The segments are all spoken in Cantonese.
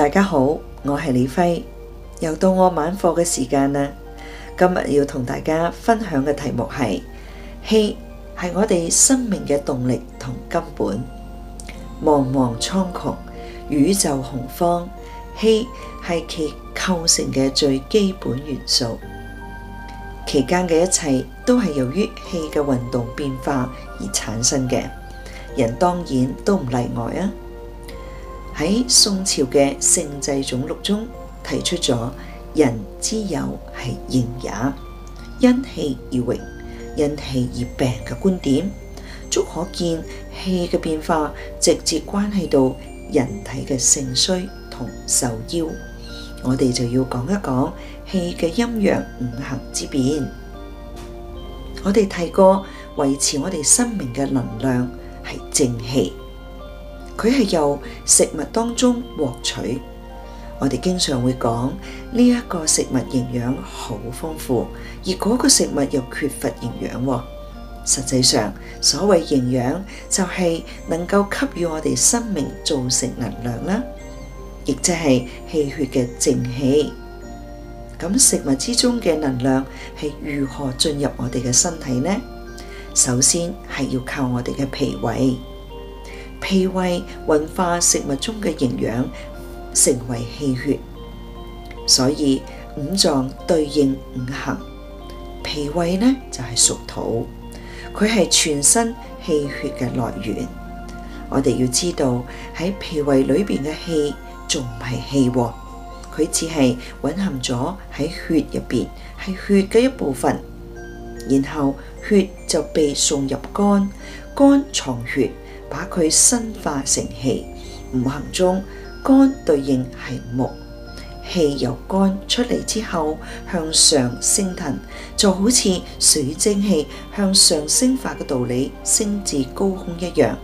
大家好，我係李輝，又到我晚課嘅時間啦。今日要同大家分享嘅題目係氣，係、hey, 我哋生命嘅動力同根本。茫茫蒼穹，宇宙洪荒，氣、hey, 係其構成嘅最基本元素，期間嘅一切都係由於氣嘅運動變化而產生嘅，人當然都唔例外啊。喺宋朝嘅《聖濟總錄》中提出咗“人之有是形也，因氣而榮，因氣而病”的觀點，足可見氣嘅變化直接關係到人體嘅盛衰同壽夭。我哋就要講一講氣嘅陰陽五行之變。我哋提過維持我哋生命嘅能量係正氣。佢係由食物當中獲取，我哋經常會講呢一個食物營養好豐富，而嗰個食物又缺乏營養。實際上，所謂營養就係能夠給予我哋生命造成能量啦，亦即係氣血嘅正氣。咁食物之中嘅能量係如何進入我哋嘅身體呢？首先係要靠我哋嘅脾胃。脾胃運化食物中嘅營養，成為氣血，所以五臟對應五行，脾胃呢就係屬土，佢係全身氣血嘅來源。我哋要知道喺脾胃裏面嘅氣仲唔係氣喎，佢只係混合咗喺血入邊，係血嘅一部分，然後血就被送入肝，肝藏血。把佢生化成氣，五行中肝對應係木，氣由肝出嚟之後向上升騰，就好似水蒸氣向上升發嘅道理，升至高空一樣。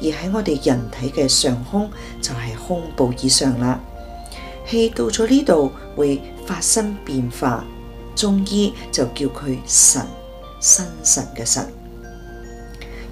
而喺我哋人體嘅上空就係、是、胸部以上啦。氣到咗呢度會發生變化，中醫就叫佢神，新神嘅神。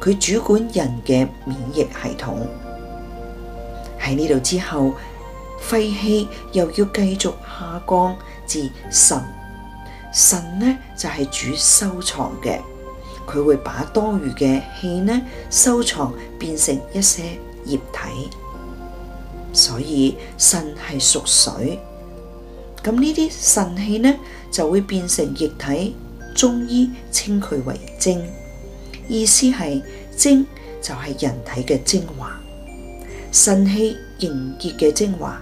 佢主管人嘅免疫系統喺呢度之後，肺氣又要繼續下降至腎，腎呢就係、是、主收藏嘅，佢會把多餘嘅氣呢收藏變成一些液體，所以腎係屬水。咁呢啲腎氣呢就會變成液體，中醫稱佢為精。意思係精，就係人體嘅精華，腎氣凝結嘅精華。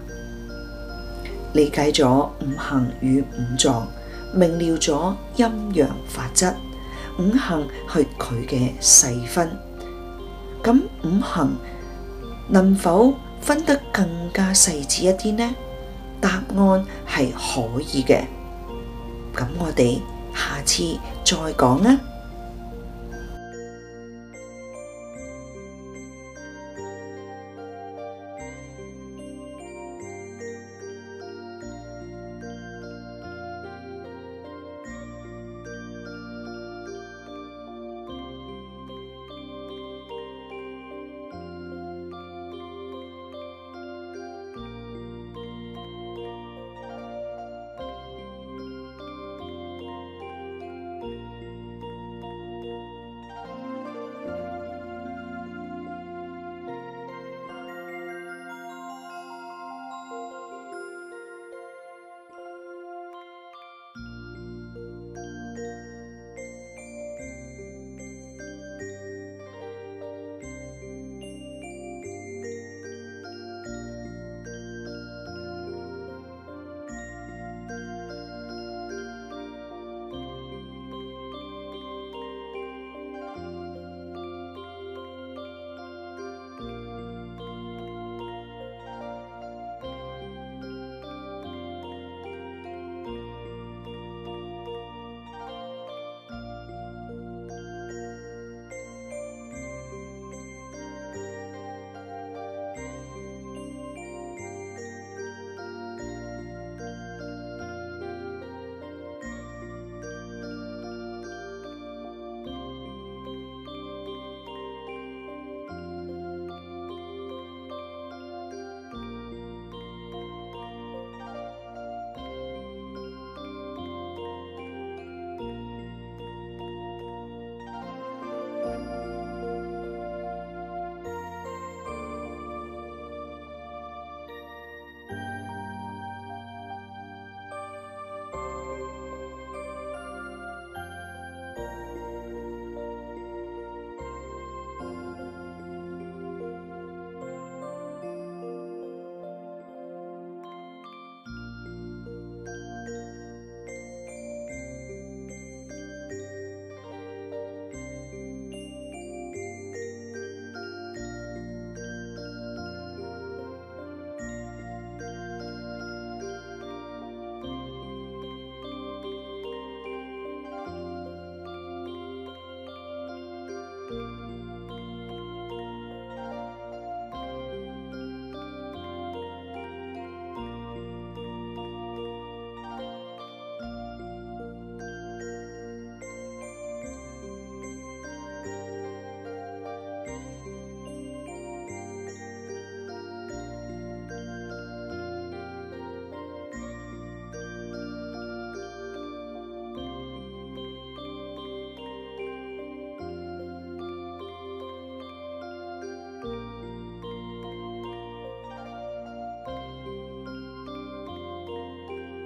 理解咗五行與五臟，明瞭咗陰陽法則，五行係佢嘅細分。咁五行能否分得更加細緻一啲呢？答案係可以嘅。咁我哋下次再講啊！